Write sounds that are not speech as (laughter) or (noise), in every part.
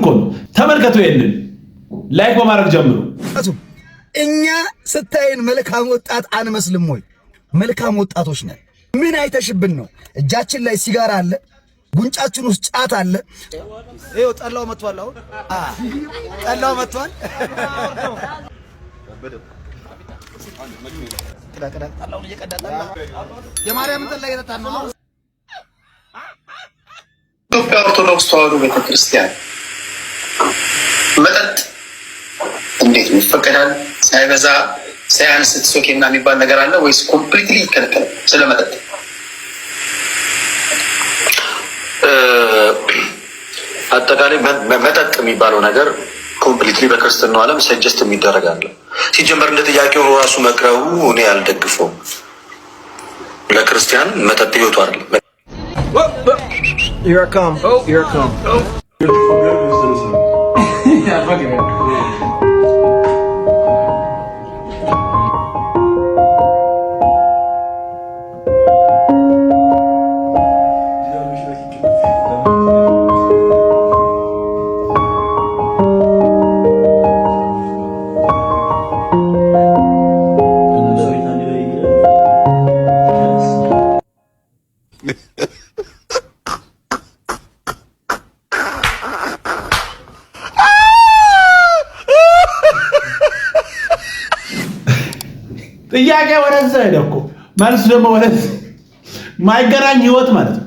እኮ ነው። ተመልከቱ፣ ይሄንን ላይክ በማድረግ ጀምሩ። እኛ ስታይን መልካም ወጣት አንመስልም ወይ? መልካም ወጣቶች ነን። ምን አይተሽብን ነው? እጃችን ላይ ሲጋራ አለ፣ ጉንጫችን ውስጥ ጫት አለ። ይኸው ጠላው መጥቷል። አሁን ጠላው መጥቷል። የማርያም ጠላ እየጠጣ ነው። ኢትዮጵያ ኦርቶዶክስ ተዋሕዶ ቤተክርስቲያን መጠጥ እንዴት ይፈቀዳል? ሳይበዛ ሳያንስ ትሶኬና የሚባል ነገር አለ ወይስ ኮምፕሊትሊ ይከለከላል? ስለ መጠጥ አጠቃላይ መጠጥ የሚባለው ነገር ኮምፕሊትሊ በክርስትናው ዓለም ሰጀስት የሚደረግ አለ። ሲጀመር እንደ ጥያቄው ራሱ መቅረቡ እኔ አልደግፈውም። ለክርስቲያን መጠጥ ህይወቱ አይደለም። oh, oh, oh. ጥያቄ ወደዛ ሄደ እኮ መልስ ደግሞ ወደዚህ ማይገናኝ ህይወት ማለት ነው።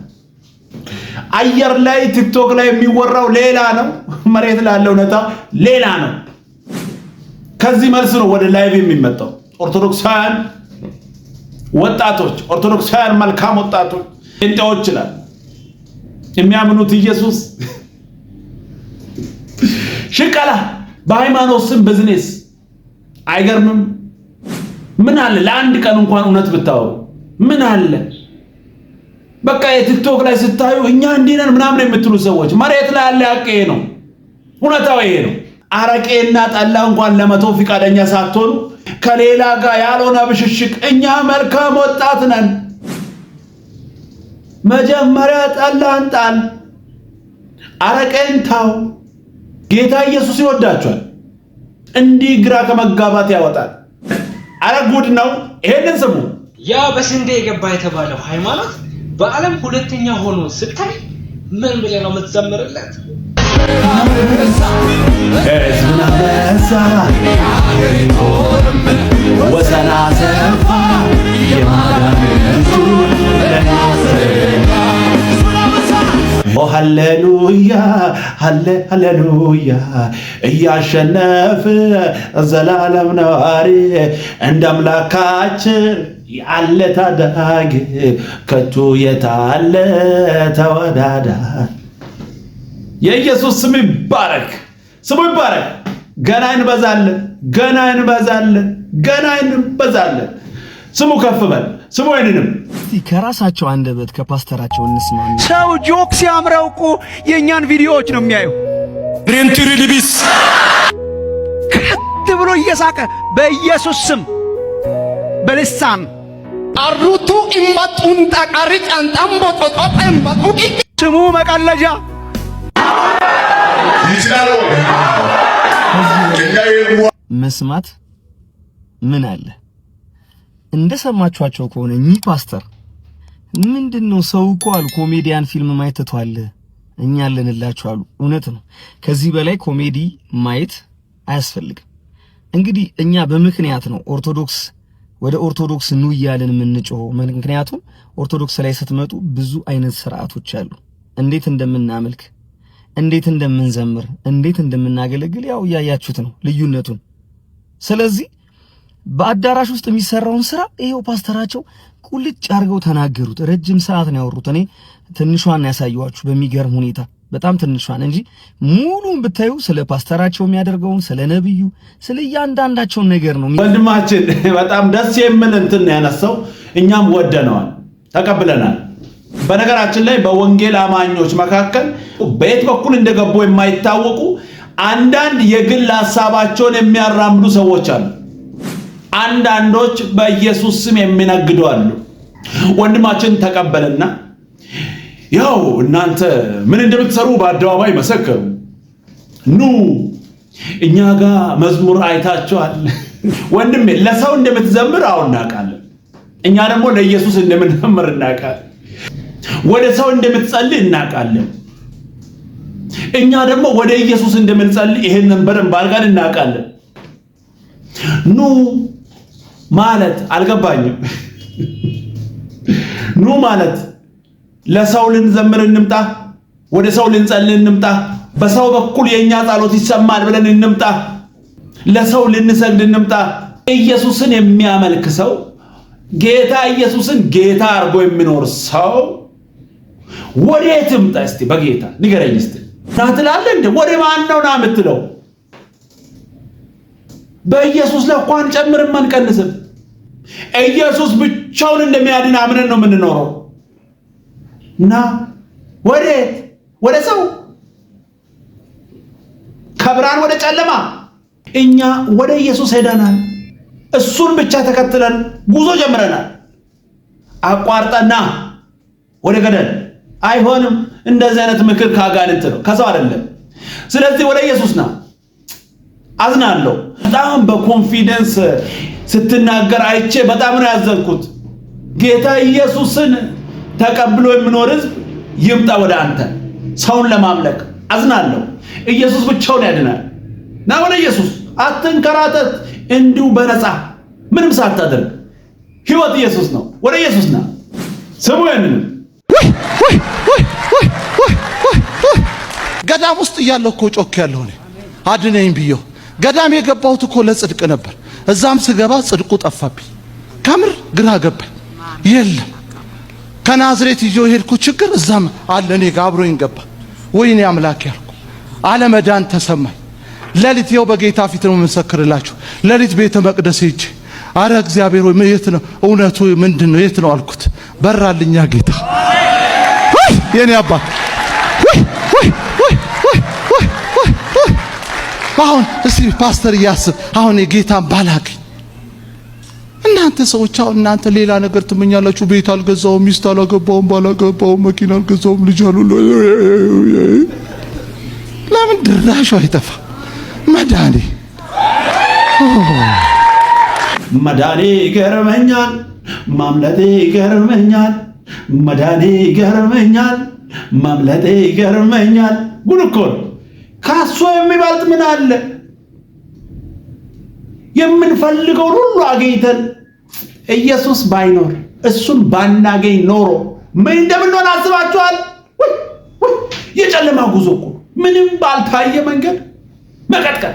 አየር ላይ ቲክቶክ ላይ የሚወራው ሌላ ነው፣ መሬት ላለው ነታ ሌላ ነው። ከዚህ መልስ ነው ወደ ላይቭ የሚመጣው። ኦርቶዶክሳውያን ወጣቶች፣ ኦርቶዶክሳውያን መልካም ወጣቶች ጴንጤዎች ይላል የሚያምኑት ኢየሱስ ሽቀላ በሃይማኖት ስም ብዝኔስ አይገርምም? ምን አለ ለአንድ ቀን እንኳን እውነት ብታወሩ ምን አለ? በቃ የቲክቶክ ላይ ስታዩ እኛ እንዲህ ነን ምናምን የምትሉ ሰዎች መሬት ላይ ያለ ሀቅ ነው። እውነታው ይሄ ነው። አረቄና ጠላ እንኳን ለመተው ፈቃደኛ ሳትሆኑ ከሌላ ጋር ያልሆነ ብሽሽቅ እኛ መልካም ወጣት ነን መጀመሪያ ጠላህን ጣል፣ አረቀን ታው። ጌታ ኢየሱስ ይወዳቸዋል። እንዲህ ግራ ከመጋባት ያወጣል። አረ ጉድ ነው! ይሄንን ስሙ። ያ በስንዴ የገባ የተባለው ሃይማኖት በዓለም ሁለተኛ ሆኖ ስታይ ምን ብለህ ነው የምትዘምርለት? ህዝብን አበዛ ሃሌሉያ ሃሌ ሃሌሉያ እያሸነፍ ዘላለም ነዋሪ እንደ አምላካችን ያለ ታዳጊ ከቱ የታለ ተወዳዳ የኢየሱስ ስም ይባረክ፣ ስሙ ይባረክ። ገና እንበዛለን፣ ገና እንበዛለን፣ ገና እንበዛለን። ስሙ ከፍ በል ስሙ አይንንም እስቲ ከራሳቸው አንደበት ከፓስተራቸው እንስማ። ሰው ጆክ ሲያምረው እኮ የእኛን ቪዲዮዎች ነው የሚያዩ። ሬንትሪ ልቢስ ከት ብሎ እየሳቀ በኢየሱስ ስም በልሳን አሩቱ ኢማጡን ጣቃሪ ጫንጣም ቦጦጦጣ ኢምባጡ ስሙ መቀለጃ መስማት ምን አለ እንደሰማችኋቸው ከሆነ እኚህ ፓስተር ምንድን ነው ሰው እኮ አሉ ኮሜዲያን ፊልም ማየት ትቷል፣ እኛ አለንላችሁ አሉ። እውነት ነው። ከዚህ በላይ ኮሜዲ ማየት አያስፈልግም። እንግዲህ እኛ በምክንያት ነው ኦርቶዶክስ ወደ ኦርቶዶክስ ኑ እያልን የምንጮኸው። ምክንያቱም ኦርቶዶክስ ላይ ስትመጡ ብዙ አይነት ስርዓቶች አሉ። እንዴት እንደምናመልክ፣ እንዴት እንደምንዘምር፣ እንዴት እንደምናገለግል ያው እያያችሁት ነው ልዩነቱን። ስለዚህ በአዳራሽ ውስጥ የሚሰራውን ስራ ይሄው ፓስተራቸው ቁልጭ አድርገው ተናገሩት። ረጅም ሰዓት ነው ያወሩት። እኔ ትንሿን ያሳየኋችሁ በሚገርም ሁኔታ በጣም ትንሿን እንጂ ሙሉን ብታዩ ስለ ፓስተራቸው የሚያደርገውን ስለ ነብዩ፣ ስለ እያንዳንዳቸውን ነገር ነው። ወንድማችን በጣም ደስ የምል እንትን ያነሳው እኛም ወደነዋል፣ ተቀብለናል። በነገራችን ላይ በወንጌል አማኞች መካከል በየት በኩል እንደገቡ የማይታወቁ አንዳንድ የግል ሀሳባቸውን የሚያራምዱ ሰዎች አሉ። አንዳንዶች በኢየሱስ ስም የሚነግዱ አሉ። ወንድማችን ተቀበልና ያው እናንተ ምን እንደምትሰሩ በአደባባይ መሰከሩ። ኑ እኛ ጋር መዝሙር አይታችኋል። ወንድሜ ለሰው እንደምትዘምር አሁን እናውቃለን። እኛ ደግሞ ለኢየሱስ እንደምንዘምር እናውቃለን። ወደ ሰው እንደምትጸልይ እናውቃለን። እኛ ደግሞ ወደ ኢየሱስ እንደምንጸልይ ይህንን በደንብ አድርገን እናውቃለን። ኑ ማለት አልገባኝም። ኑ ማለት ለሰው ልንዘምር እንምጣ፣ ወደ ሰው ልንጸልይ እንምጣ፣ በሰው በኩል የእኛ ጸሎት ይሰማል ብለን እንምጣ፣ ለሰው ልንሰግድ እንምጣ። ኢየሱስን የሚያመልክ ሰው ጌታ ኢየሱስን ጌታ አድርጎ የሚኖር ሰው ወዴት ምጣ? እስቲ በጌታ ንገረኝ እስቲ ና ትላለህ እንዴ? ወደ ማን ነው ና የምትለው? በኢየሱስ ላይ እንኳን ጨምርም አንቀንስም። ኢየሱስ ብቻውን እንደሚያድን አምነን ነው የምንኖረው እና ወዴት ወደ ሰው ከብርሃን ወደ ጨለማ እኛ ወደ ኢየሱስ ሄደናል። እሱን ብቻ ተከትለን ጉዞ ጀምረናል። አቋርጠና ወደ ገደል አይሆንም። እንደዚህ አይነት ምክር ከአጋንንት ነው፣ ከሰው አይደለም። ስለዚህ ወደ ኢየሱስ ና። አዝናለሁ በጣም በኮንፊደንስ ስትናገር አይቼ በጣም ነው ያዘንኩት። ጌታ ኢየሱስን ተቀብሎ የሚኖር ህዝብ ይምጣ ወደ አንተ ሰውን ለማምለክ አዝናለሁ። ኢየሱስ ብቻውን ያድናል። ና ወደ ኢየሱስ አትንከራተት፣ እንዲሁ በነፃ ምንም ሳታደርግ ህይወት ኢየሱስ ነው። ወደ ኢየሱስ ና ስሙ። ያንን ገዳም ውስጥ እያለሁ እኮ ጮክ ያለሁ እኔ አድነኝ ብየው ገዳም የገባሁት እኮ ለጽድቅ ነበር። እዛም ስገባ ጽድቁ ጠፋብኝ። ከምር ግራ ገባኝ። የለም ከናዝሬት ይዞ የሄድኩ ችግር እዛም አለ እኔ ጋር አብሮኝ ገባ። ወይኔ አምላክ ያልኩ አለመዳን ተሰማኝ። ሌሊት ይኸው በጌታ ፊት ነው የምመሰክርላችሁ። ሌሊት ቤተ መቅደስ ሄጄ አረ እግዚአብሔር ወይ የት ነው እውነቱ ምንድን ነው የት ነው አልኩት። በራልኛ ጌታ የኔ አባት አሁን እስቲ ፓስተር እያስብ አሁን የጌታን ባላገኝ እናንተ ሰዎች አሁን እናንተ ሌላ ነገር ትመኛላችሁ። ቤት አልገዛውም፣ ሚስት አላገባውም፣ ባላገባውም፣ መኪና አልገዛውም፣ ልጅ አሉ። ለምን ድራሹ አይጠፋ? መዳኔ መዳኔ ገርመኛል፣ ማምለጤ ገርመኛል፣ መዳኔ ገርመኛል፣ ማምለጤ ገርመኛል። ጉድ ካሶ የሚበልጥ ምን አለ? የምንፈልገውን ሁሉ አገኝተን ኢየሱስ ባይኖር እሱን ባናገኝ ኖሮ ምን እንደምንሆን አስባችኋል? የጨለማ ጉዞ እኮ ምንም ባልታየ መንገድ መቀጥቀጥ።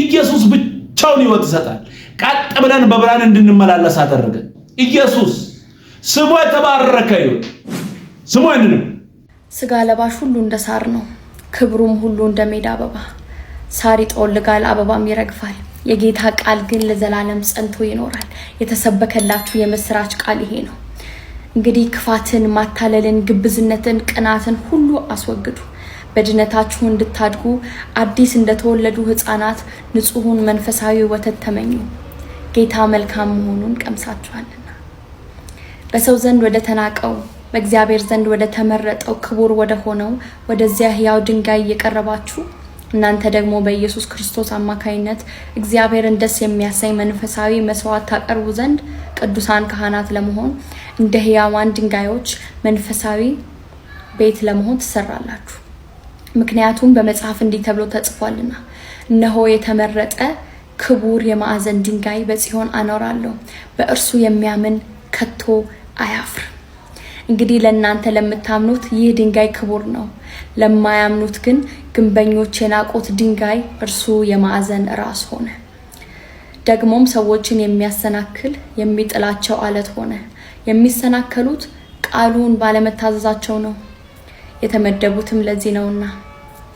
ኢየሱስ ብቻውን ሕይወት ይሰጣል። ቀጥ ብለን በብርሃን እንድንመላለስ አደረገ። ኢየሱስ ስሙ የተባረከ ይሁን። ስሙ ስጋ ለባሽ ሁሉ እንደ ሳር ነው። ክብሩም ሁሉ እንደ ሜዳ አበባ ሳር ይጠወልጋል፣ አበባም ይረግፋል። የጌታ ቃል ግን ለዘላለም ጸንቶ ይኖራል። የተሰበከላችሁ የምስራች ቃል ይሄ ነው። እንግዲህ ክፋትን፣ ማታለልን፣ ግብዝነትን፣ ቅናትን ሁሉ አስወግዱ። በድነታችሁ እንድታድጉ አዲስ እንደተወለዱ ሕፃናት ንጹሑን መንፈሳዊ ወተት ተመኙ፣ ጌታ መልካም መሆኑን ቀምሳችኋልና በሰው ዘንድ ወደ ተናቀው በእግዚአብሔር ዘንድ ወደ ተመረጠው ክቡር ወደ ሆነው ወደዚያ ህያው ድንጋይ እየቀረባችሁ እናንተ ደግሞ በኢየሱስ ክርስቶስ አማካይነት እግዚአብሔርን ደስ የሚያሳይ መንፈሳዊ መስዋዕት ታቀርቡ ዘንድ ቅዱሳን ካህናት ለመሆን እንደ ህያዋን ድንጋዮች መንፈሳዊ ቤት ለመሆን ትሰራላችሁ። ምክንያቱም በመጽሐፍ እንዲህ ተብሎ ተጽፏልና፣ እነሆ የተመረጠ ክቡር የማዕዘን ድንጋይ በጽዮን አኖራለሁ፣ በእርሱ የሚያምን ከቶ አያፍርም። እንግዲህ ለእናንተ ለምታምኑት ይህ ድንጋይ ክቡር ነው፣ ለማያምኑት ግን ግንበኞች የናቁት ድንጋይ እርሱ የማዕዘን ራስ ሆነ። ደግሞም ሰዎችን የሚያሰናክል የሚጥላቸው አለት ሆነ። የሚሰናከሉት ቃሉን ባለመታዘዛቸው ነው፣ የተመደቡትም ለዚህ ነውና።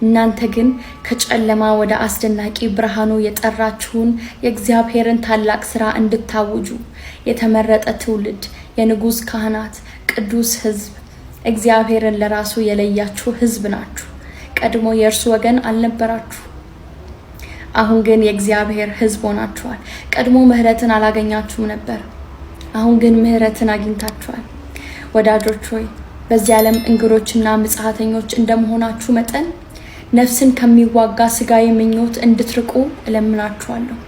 እናንተ ግን ከጨለማ ወደ አስደናቂ ብርሃኑ የጠራችሁን የእግዚአብሔርን ታላቅ ስራ እንድታውጁ የተመረጠ ትውልድ፣ የንጉሥ ካህናት ቅዱስ ህዝብ እግዚአብሔርን ለራሱ የለያችሁ ህዝብ ናችሁ። ቀድሞ የእርሱ ወገን አልነበራችሁ፣ አሁን ግን የእግዚአብሔር ህዝብ ሆናችኋል። ቀድሞ ምህረትን አላገኛችሁም ነበር፣ አሁን ግን ምህረትን አግኝታችኋል። ወዳጆች ሆይ በዚህ ዓለም እንግዶችና ምጽሐተኞች እንደመሆናችሁ መጠን ነፍስን ከሚዋጋ ስጋዊ ምኞት እንድትርቁ እለምናችኋለሁ።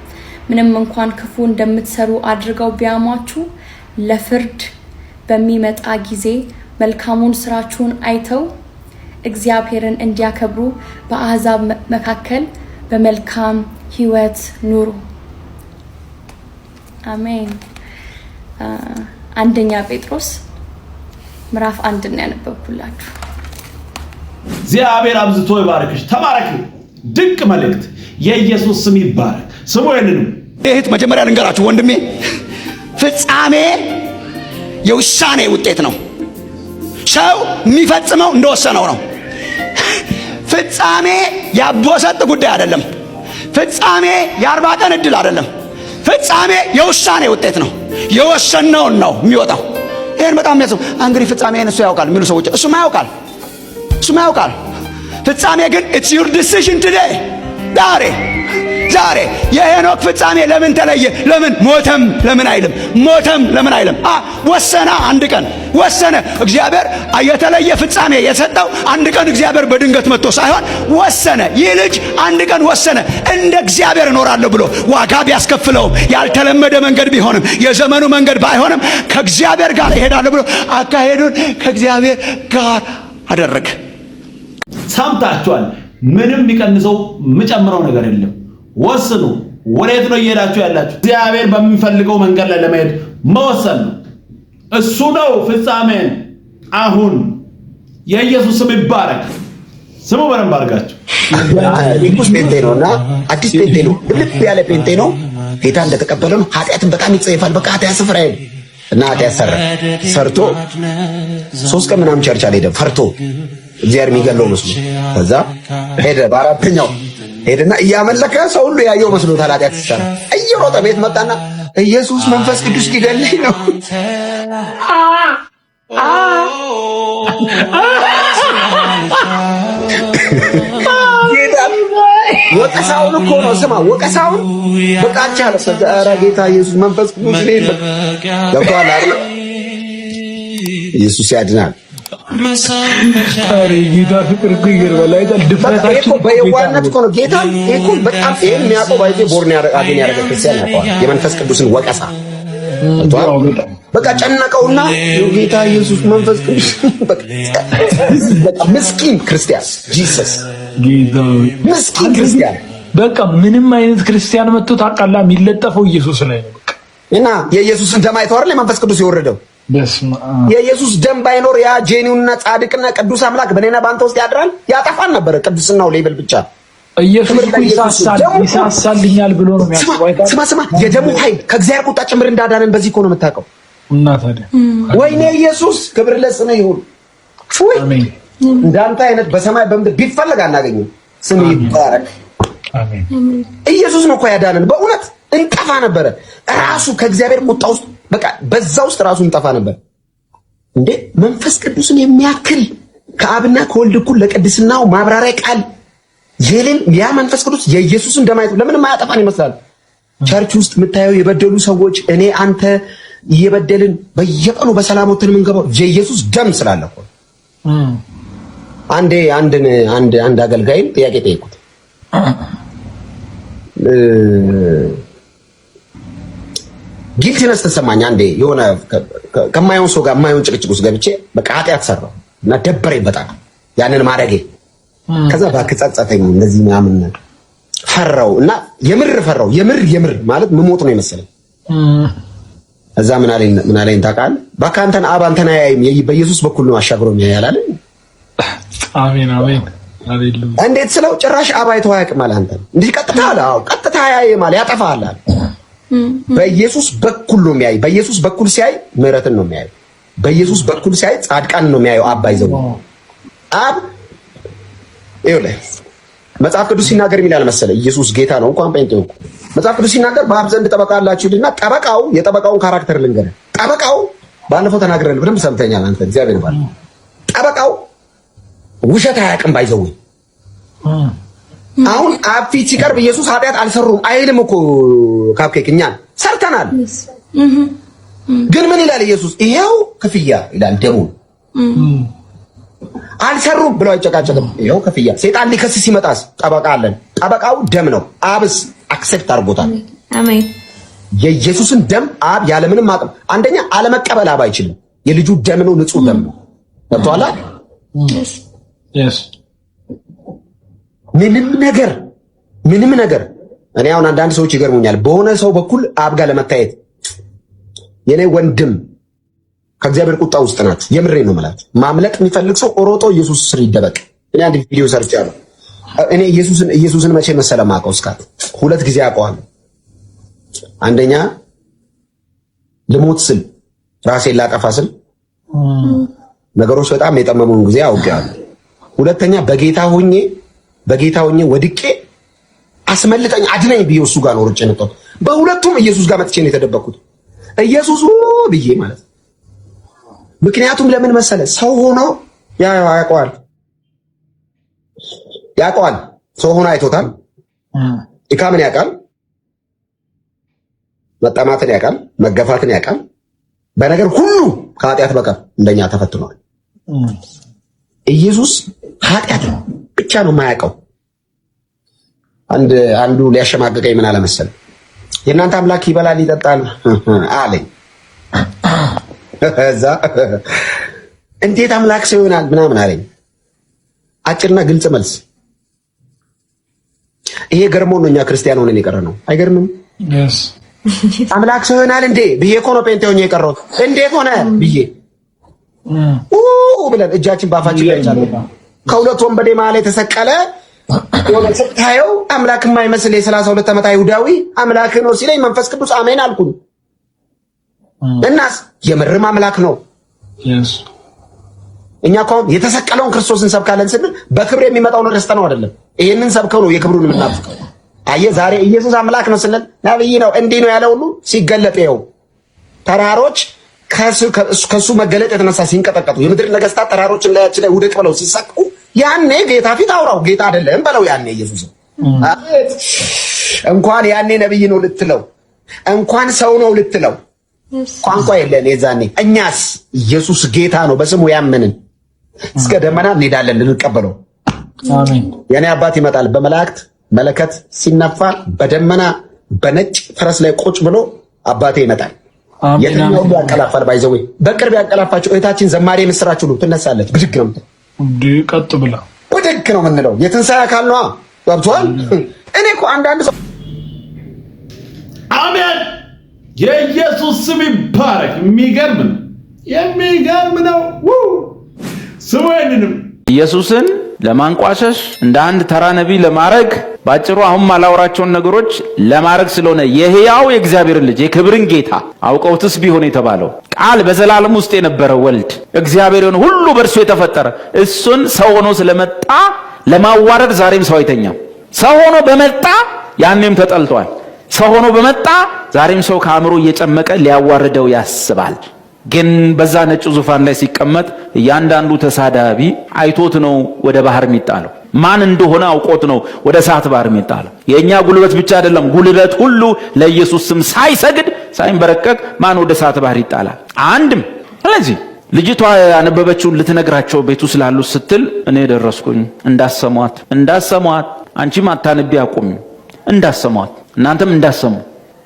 ምንም እንኳን ክፉ እንደምትሰሩ አድርገው ቢያሟችሁ ለፍርድ በሚመጣ ጊዜ መልካሙን ስራችሁን አይተው እግዚአብሔርን እንዲያከብሩ በአሕዛብ መካከል በመልካም ህይወት ኑሩ። አሜን። አንደኛ ጴጥሮስ ምዕራፍ አንድ ና ያነበብኩላችሁ። እግዚአብሔር አብዝቶ ይባርክሽ። ተባረክ። ድንቅ መልእክት። የኢየሱስ ስም ይባረክ። ስሙ ይህንንም ይህት መጀመሪያ ልንገራችሁ ወንድሜ ፍጻሜ የውሳኔ ውጤት ነው። ሰው የሚፈጽመው እንደወሰነው ነው። ፍጻሜ ያቦሰጥ ጉዳይ አይደለም። ፍጻሜ የአርባ ቀን እድል አይደለም። ፍጻሜ የውሳኔ ውጤት ነው። የወሰነውን ነው የሚወጣው። ይህን በጣም የሚያስቡ እንግዲህ ፍጻሜ እሱ ያውቃል የሚሉ ሰዎች እሱማ ያውቃል፣ እሱማ ያውቃል። ፍጻሜ ግን ኢትስ ዩር ዲሲዥን ቱዴይ ዛሬ ዛሬ የሄኖክ ፍጻሜ ለምን ተለየ? ለምን ሞተም ለምን አይልም? ሞተም ለምን አይልም? አ ወሰነ። አንድ ቀን ወሰነ። እግዚአብሔር የተለየ ፍጻሜ የሰጠው አንድ ቀን እግዚአብሔር በድንገት መጥቶ ሳይሆን ወሰነ። ይህ ልጅ አንድ ቀን ወሰነ። እንደ እግዚአብሔር እኖራለሁ ብሎ ዋጋ ቢያስከፍለውም ያልተለመደ መንገድ ቢሆንም የዘመኑ መንገድ ባይሆንም ከእግዚአብሔር ጋር ይሄዳለሁ ብሎ አካሄዱን ከእግዚአብሔር ጋር አደረገ። ሰምታችኋል። ምንም የሚቀንሰው የምጨምረው ነገር የለም። ወስኑ። ወዴት ነው እየሄዳችሁ ያላችሁ? እግዚአብሔር በሚፈልገው መንገድ ላይ ለመሄድ መወሰን ነው። እሱ ነው ፍጻሜን። አሁን የኢየሱስ ስም ይባረክ። ስሙ በደንብ አድርጋችሁ። ኒኩስ ጴንጤ ነው እና አዲስ ጴንጤ ነው፣ ልብ ያለ ጴንጤ ነው። ጌታ እንደተቀበለም ኃጢአትን በጣም ይጸይፋል። በቃ ኃጢአት ስፍራ እና ኃጢአት ሰራ ሰርቶ ሶስት ቀን ምናምን ቸርች አልሄደም። ፈርቶ እግዚአብሔር የሚገለው መስሎ ከዛ ሄደ በአራተኛው ሄድና እያመለከ ሰው ሁሉ ያየው መስሎታል። ኃጢአት ይሰራ እየሮጠ ቤት መጣና ኢየሱስ መንፈስ ቅዱስ ሊገልኝ ነው ወቀሳውን እኮ ነው። ስማ ወቀሳውን በቃቻ አልቻለም። ኧረ ጌታ ኢየሱስ መንፈስ ቅዱስ ገብቶሃል አይደል? ኢየሱስ ያድናል። ጌታ ፍቅር እኮ ይገርማል አይደል? በየዋህነት እኮ ነው። ጌታ እኮ በጣም ይሄን የሚያውቀው ባይዜ ቦርን ክርስቲያን ያውቀዋል። የመንፈስ ቅዱስን ወቀሳ በቃ ጨነቀውና ጌታ ኢየሱስ መንፈስ ቅዱስ (laughs) በቃ ምስኪን ክርስቲያን ጂሰስ ምስኪን ክርስቲያን በቃ ምንም አይነት ክርስቲያን መጥቶ ታውቃለህ፣ የሚለጠፈው ኢየሱስ ላይ እና የኢየሱስን ደም አይተው አይደል መንፈስ ቅዱስ የወረደው የኢየሱስ ደም ባይኖር ያ ጄኒውና ጻድቅና ቅዱስ አምላክ በኔና በአንተ ውስጥ ያድራል ያጠፋን ነበረ። ቅዱስናው ሌብል ብቻ ኢየሱስ ይሳሳልኛል ብሎ ነው የሚያስበው። ስማ ስማ፣ የደሙ ኃይል ከእግዚአብሔር ቁጣ ጭምር እንዳዳነን በዚህ እኮ ነው የምታውቀው። እና ታዲያ ወይኔ ኢየሱስ ክብር ለስም ይሁን። ፉይ እንዳንተ አይነት በሰማይ በምድር ቢፈለግ አናገኝም። ስም ይባረክ። ኢየሱስ ነው እኮ ያዳነን። በእውነት እንጠፋ ነበረ። ራሱ ከእግዚአብሔር ቁጣ ውስጥ በቃ በዛ ውስጥ ራሱን ጠፋ ነበር እንዴ! መንፈስ ቅዱስን የሚያክል ከአብና ከወልድ እኩል ለቅድስናው ማብራሪያ ቃል የሌል ያ መንፈስ ቅዱስ የኢየሱስን ደማየት ለምንም አያጠፋን ይመስላል። ቸርች ውስጥ የምታየው የበደሉ ሰዎች እኔ አንተ እየበደልን በየቀኑ በሰላም ወተን የምንገባው የኢየሱስ ደም ስላለ እኮ። አንዴ አንድን አንድ አንድ አገልጋይን ጥያቄ ጠየቁት ጊልቲነስ ተሰማኝ። አንዴ የሆነ ከማየውን ሰው ጋር የማየውን ጭቅጭቅ ውስጥ ገብቼ በቃ ኃጢአት ሰራሁ እና ደበረኝ በጣም ያንን ማድረጌ። ከዛ እባክህ ጸጸተኝ እንደዚህ ምናምን ፈራው እና የምር ፈራው የምር የምር ማለት ምሞት ነው የመሰለኝ። እዛ ምን አለኝ ምን አለኝ ታውቃለህ? እባክህ አንተን አብ አንተን አያይም በኢየሱስ በኩል ነው አሻግሮ የሚያያል አለኝ። አሜን አሜን። እንዴት ስለው ጭራሽ አብ አይቶ አያውቅም አለ አንተን እንዲህ ቀጥታ አለ። አዎ ቀጥታ አያይም አለ ያጠፋሃል አለ በኢየሱስ በኩል ነው የሚያይ። በኢየሱስ በኩል ሲያይ ምሕረትን ነው የሚያይ። በኢየሱስ በኩል ሲያይ ጻድቃን ነው የሚያዩ። አባ ይዘው አብ ይኸውልህ መጽሐፍ ቅዱስ ሲናገር የሚላል መሰለ ኢየሱስ ጌታ ነው። እንኳን ጴንጤ ሆንኩ። መጽሐፍ ቅዱስ ሲናገር በአብ ዘንድ ጠበቃ አላችሁ ይልና ጠበቃው የጠበቃውን ካራክተር ልንገርህ። ጠበቃው ባለፈው ተናግረን ብለም ሰምተኛል። አንተ እግዚአብሔር ባለ ጠበቃው ውሸት አያውቅም ባይዘው አሁን አብ ሲቀርብ ኢየሱስ ኃጢአት አልሰሩም አይልም እኮ ካፕኬክ። እኛን ሰርተናል፣ ግን ምን ይላል ኢየሱስ? ይሄው ክፍያ ይላል። ደሙ አልሰሩም ብለው አይጨቃጨቅም። ይሄው ክፍያ። ሰይጣን ሊከስ ሲመጣስ ጠበቃ አለን። ጠበቃው ደም ነው። አብስ አክሴፕት አድርጎታል። አሜን። የኢየሱስን ደም አብ ያለምንም አቅም አንደኛ አለመቀበል አብ አይችልም። የልጁ ደም ነው፣ ንጹህ ደም ነው። ገብቶሃል? ምንም ነገር ምንም ነገር እኔ አሁን አንዳንድ ሰዎች ይገርሙኛል። በሆነ ሰው በኩል አብ ጋር ለመታየት የኔ ወንድም ከእግዚአብሔር ቁጣ ውስጥ ናት። የምሬ ነው ማለት ማምለጥ የሚፈልግ ሰው ሮጦ ኢየሱስ ስር ይደበቅ። እኔ አንድ ቪዲዮ ሰርቻለሁ። እኔ ኢየሱስን ኢየሱስን መቼ መሰለ ማውቀው እስካት ሁለት ጊዜ አውቀዋለሁ። አንደኛ ልሞት ስል ራሴን ላጠፋ ስል ነገሮች በጣም የጠመመውን ጊዜ አውቀዋለሁ። ሁለተኛ በጌታ ሆኜ በጌታ ሆኜ ወድቄ አስመልጠኝ አድነኝ ብዬ እሱ ጋር ነው ሮጬ በሁለቱም ኢየሱስ ጋር መጥቼ ነው የተደበቅኩት። ኢየሱስ ብዬ ማለት ነው። ምክንያቱም ለምን መሰለ ሰው ሆኖ ያውቀዋል ያውቀዋል። ሰው ሆኖ አይቶታል። ድካምን ያውቃል፣ መጠማትን ያውቃል፣ መገፋትን ያውቃል። በነገር ሁሉ ከኃጢአት በቀር እንደኛ ተፈትኗል። ኢየሱስ ኃጢአት ነው። ብቻ ነው የማያውቀው። አንድ አንዱ ሊያሸማቅቀኝ ምን አለመሰል የእናንተ አምላክ ይበላል ይጠጣል (laughs) አለኝ። እዛ (laughs) እንዴት አምላክ ሰው ይሆናል ምናምን አለኝ። አጭርና ግልጽ መልስ። ይሄ ገርሞ ነው እኛ ክርስቲያን ሆነን የቀረ ነው። አይገርምም? (laughs) አምላክ ሰው ይሆናል እንዴ ብዬ እኮ ነው ጴንጤ ሆኜ የቀረሁት። እንዴት ሆነ ብዬ ብለን እጃችን በአፋችን ላይ ከሁለት ወንበዴ መሀል የተሰቀለ ሆነ ስታየው አምላክ የማይመስል የሰላሳ ሁለት ዓመት አይሁዳዊ አምላክ ነው ሲለኝ መንፈስ ቅዱስ አሜን አልኩኝ። እናስ የምርም አምላክ ነው። እኛ እኮ አሁን የተሰቀለውን ክርስቶስን ሰብካለን ስንል በክብር የሚመጣውን ደስታ ነው አይደለም። ይሄንን ሰብከው ነው የክብሩን የምናፍቀው። አየ ዛሬ ኢየሱስ አምላክ ነው ስንል ነብይ ነው እንዲህ ነው ያለ ሁሉ ሲገለጥ ይኸው ተራሮች ከሱ መገለጥ የተነሳ ሲንቀጠቀጡ የምድር ነገስታት ተራሮችን ላያችን ላይ ውደቅ ብለው ሲሰቅቁ ያኔ ጌታ ፊት አውራው ጌታ አይደለም በለው። ያኔ ኢየሱስ እንኳን ያኔ ነብይ ነው ልትለው እንኳን ሰው ነው ልትለው ቋንቋ የለን የዛኔ። እኛስ ኢየሱስ ጌታ ነው በስሙ ያመንን እስከ ደመና እንሄዳለን ልንቀበለው። የኔ አባት ይመጣል በመላእክት መለከት ሲነፋ በደመና በነጭ ፈረስ ላይ ቁጭ ብሎ አባቴ ይመጣል። የትኛው ያቀላፋል ባይዘዌ በቅርብ ያቀላፋቸው እህታችን ዘማሪ ምስራችሁ ነው ትነሳለች ብድግ ነው ቀጥ ብላ ውድቅ ነው የምንለው የትንሣኤ አካል ነዋ። ገብቶሃል? እኔ እኮ አንዳንድ ሰው አሜን፣ የኢየሱስ ስም ይባረክ። የሚገርም ነው፣ የሚገርም ነው። ስወንንም ኢየሱስን ለማንቋሸሽ እንደ አንድ ተራ ነቢይ ለማድረግ ባጭሩ አሁን ማላወራቸውን ነገሮች ለማድረግ ስለሆነ የህያው የእግዚአብሔርን ልጅ የክብርን ጌታ አውቀውትስ ቢሆን የተባለው ቃል በዘላለም ውስጥ የነበረ ወልድ እግዚአብሔር የሆነ ሁሉ በእርሱ የተፈጠረ እሱን ሰው ሆኖ ስለመጣ ለማዋረድ ዛሬም ሰው አይተኛም። ሰው ሆኖ በመጣ ያኔም ተጠልቷል። ሰው ሆኖ በመጣ ዛሬም ሰው ከአእምሮ እየጨመቀ ሊያዋርደው ያስባል። ግን በዛ ነጭ ዙፋን ላይ ሲቀመጥ እያንዳንዱ ተሳዳቢ አይቶት ነው ወደ ባህር የሚጣለው። ማን እንደሆነ አውቆት ነው ወደ እሳት ባህር የሚጣለው። የእኛ ጉልበት ብቻ አይደለም፣ ጉልበት ሁሉ ለኢየሱስ ስም ሳይሰግድ ሳይንበረከክ ማን ወደ እሳተ ባህር ይጣላል? አንድም። ስለዚህ ልጅቷ ያነበበችውን ልትነግራቸው ቤቱ ስላሉ ስትል እኔ ደረስኩኝ። እንዳሰሟት እንዳሰሟት፣ አንቺም አታንቢ አቁሚ። እንዳሰሟት እናንተም እንዳሰሙ።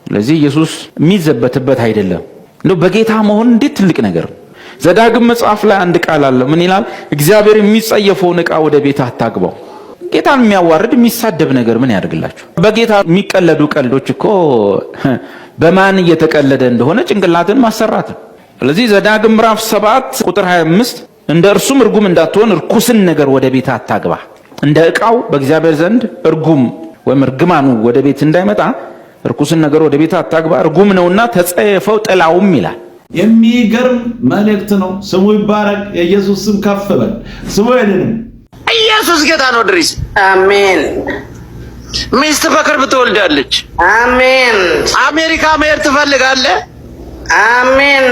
ስለዚህ ኢየሱስ የሚዘበትበት አይደለም። እንደው በጌታ መሆን እንዴት ትልቅ ነገር ነው። ዘዳግም መጽሐፍ ላይ አንድ ቃል አለ። ምን ይላል? እግዚአብሔር የሚጸየፈውን ዕቃ ወደ ቤት አታግባው። ጌታን የሚያዋርድ የሚሳደብ ነገር ምን ያደርግላችሁ? በጌታ የሚቀለዱ ቀልዶች እኮ በማን እየተቀለደ እንደሆነ ጭንቅላትን ማሰራት ነው። ስለዚህ ዘዳግም ምዕራፍ 7 ቁጥር 25 እንደ እርሱም እርጉም እንዳትሆን እርኩስን ነገር ወደ ቤት አታግባ፣ እንደ ዕቃው በእግዚአብሔር ዘንድ እርጉም ወይም እርግማኑ ወደ ቤት እንዳይመጣ እርኩስን ነገር ወደ ቤት አታግባ፣ እርጉም ነውና ተጸየፈው ጥላውም ይላል። የሚገርም መልእክት ነው። ስሙ ይባረክ። የኢየሱስ ስም ከፍ በል። ስሙ አይደለም ኢየሱስ ጌታ ነው። ድሪስ አሜን። ሚስት በቅርብ ትወልዳለች። አሜን። አሜሪካ መሄድ ትፈልጋለህ? አሜን።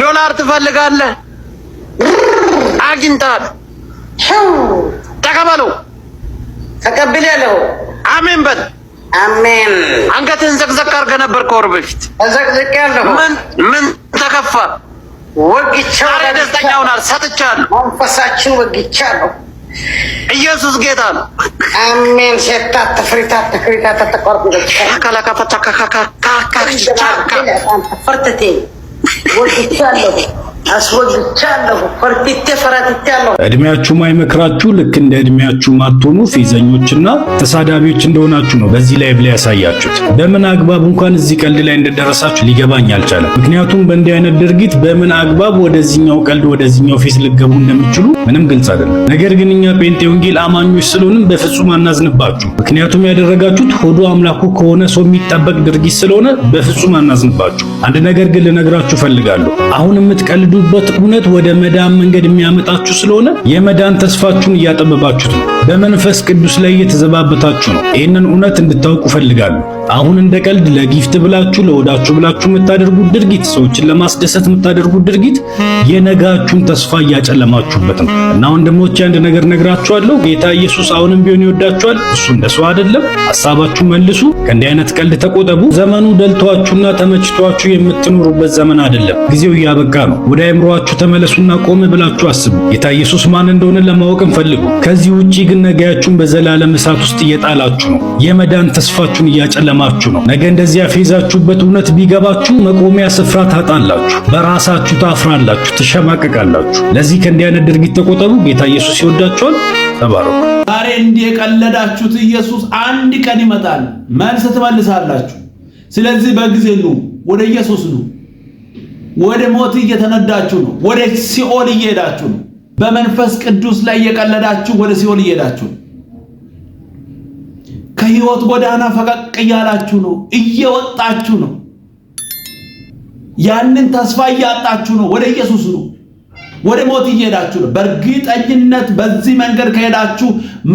ዶላር ትፈልጋለህ? አግኝታል። ተቀበለው። ተቀብያለሁ። አሜን በል። አሜን። አንገትህን ዘቅዘቅ አድርገህ ነበር ከወር በፊት። ተዘቅዝቄያለሁ። ምን ምን ተከፋ? ወግቻለሁ። ዛሬ ደስተኛ ሆናል። ሰጥቻለሁ። መንፈሳችን ወግቻለሁ። ኢየሱስ ጌታ ነው። አሜን። ሸታት ፍሪታት ፍሪታት ተቆርጥ ካካላካፈታካካካካካ እድሜያችሁ ማይመክራችሁ ልክ እንደ እድሜያችሁ ማትሆኑ ፌዘኞችና ተሳዳቢዎች እንደሆናችሁ ነው በዚህ ላይ ብላ ያሳያችሁት። በምን አግባብ እንኳን እዚህ ቀልድ ላይ እንደደረሳችሁ ሊገባኝ አልቻለም። ምክንያቱም በእንዲህ አይነት ድርጊት በምን አግባብ ወደዚህኛው ቀልድ ወደዚህኛው ፌዝ ልገቡ እንደሚችሉ ምንም ግልጽ አይደለም። ነገር ግን እኛ ጴንጤ ወንጌል አማኞች ስለሆንም በፍጹም አናዝንባችሁ። ምክንያቱም ያደረጋችሁት ሆዶ አምላኩ ከሆነ ሰው የሚጠበቅ ድርጊት ስለሆነ በፍጹም አናዝንባችሁ። አንድ ነገር ግን ልነግራችሁ ፈልጋለሁ አሁን የምትቀልዱ የምትሄዱበት እውነት ወደ መዳን መንገድ የሚያመጣችሁ ስለሆነ የመዳን ተስፋችሁን እያጠበባችሁት ነው። በመንፈስ ቅዱስ ላይ እየተዘባበታችሁ ነው። ይህንን እውነት እንድታውቁ ፈልጋለሁ አሁን እንደ ቀልድ ለጊፍት ብላችሁ ለወዳችሁ ብላችሁ የምታደርጉት ድርጊት፣ ሰዎችን ለማስደሰት የምታደርጉት ድርጊት የነጋችሁን ተስፋ እያጨለማችሁበት ነው እና ወንድሞቼ አንድ ነገር ነግራችኋለሁ። ጌታ ኢየሱስ አሁንም ቢሆን ይወዳችኋል። እሱ እንደ ሰው አይደለም። ሐሳባችሁ መልሱ። ከእንዲህ አይነት ቀልድ ተቆጠቡ። ዘመኑ ደልቷችሁና ተመችቷችሁ የምትኖሩበት ዘመን አይደለም። ጊዜው እያበቃ ነው። ወደ አይምሮአችሁ ተመለሱና ቆም ብላችሁ አስቡ። ጌታ ኢየሱስ ማን እንደሆነ ለማወቅ እንፈልጉ። ከዚህ ውጪ ግን ግን ነገያችሁን በዘላለም እሳት ውስጥ እየጣላችሁ ነው። የመዳን ተስፋችሁን እያጨለማችሁ ነው። ነገ እንደዚህ ያፌዛችሁበት እውነት ቢገባችሁ መቆሚያ ስፍራ ታጣላችሁ። በራሳችሁ ታፍራላችሁ፣ ትሸማቀቃላችሁ። ለዚህ ከእንዲህ አይነት ድርጊት ተቆጠቡ። ጌታ ኢየሱስ ይወዳችኋል። ተባረኩ። ዛሬ እንዲህ የቀለዳችሁት ኢየሱስ አንድ ቀን ይመጣል፣ መልስ ትመልሳላችሁ። ስለዚህ በጊዜ ኑ፣ ወደ ኢየሱስ ኑ። ወደ ሞት እየተነዳችሁ ነው። ወደ ሲኦል እየሄዳችሁ ነው። በመንፈስ ቅዱስ ላይ እየቀለዳችሁ ወደ ሲኦል እየሄዳችሁ ከህይወት ጎዳና ፈቀቅ እያላችሁ ነው፣ እየወጣችሁ ነው። ያንን ተስፋ እያጣችሁ ነው። ወደ ኢየሱስ ነው፣ ወደ ሞት እየሄዳችሁ ነው። በእርግጠኝነት በዚህ መንገድ ከሄዳችሁ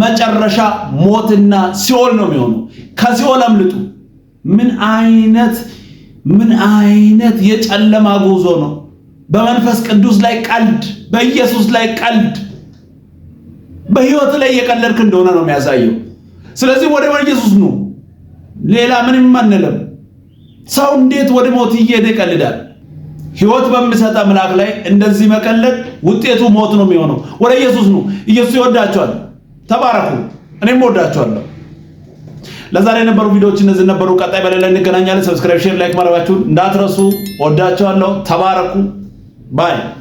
መጨረሻ ሞትና ሲኦል ነው የሚሆነው። ከሲኦል አምልጡ። ምን አይነት ምን አይነት የጨለማ ጉዞ ነው! በመንፈስ ቅዱስ ላይ ቀልድ፣ በኢየሱስ ላይ ቀልድ፣ በህይወት ላይ እየቀለድክ እንደሆነ ነው የሚያሳየው። ስለዚህ ወደ ኢየሱስ ነው፣ ሌላ ምንም አንለም። ሰው እንዴት ወደ ሞት እየሄደ ይቀልዳል? ህይወት በሚሰጥ አምላክ ላይ እንደዚህ መቀለድ ውጤቱ ሞት ነው የሚሆነው። ወደ ኢየሱስ ነው። ኢየሱስ ይወዳቸዋል። ተባረኩ። እኔም ወዳቸዋለሁ። ለዛሬ የነበሩ ቪዲዮዎች እነዚህ ነበሩ። ቀጣይ በሌላ እንገናኛለን። ሰብስክራይብ፣ ሼር፣ ላይክ ማድረጋችሁን እንዳትረሱ። ወዳቸዋለሁ። ተባረኩ። Bye.